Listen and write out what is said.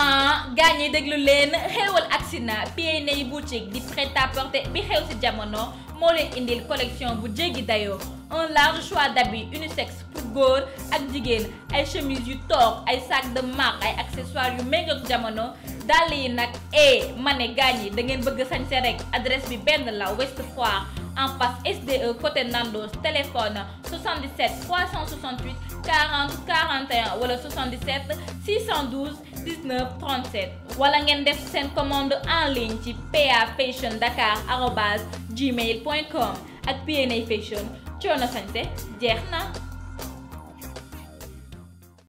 ah gaañ yi déglu leen xéewal agsi na P&A boutique di prêt à porter bi xew ci jamono moo leen indil collection bu jéggi dayoo un large choix d'habits unisexe pour góor ak jigéen ay chemises yu toog ay sac de marque ay accessoires yu méngoog jamono dàll yi nag eh ma ne gaañ yi da ngeen bëgg sañse rek adresse bi benn la Ouest Foire en passe SDE côté Nandos téléphone 77 368 40 41 wala 77 612 19 37 wala ngeen def seen commande en ligne ci pa fashion dakar arobase gmail point com ak PNA fashion coono sañse jeex na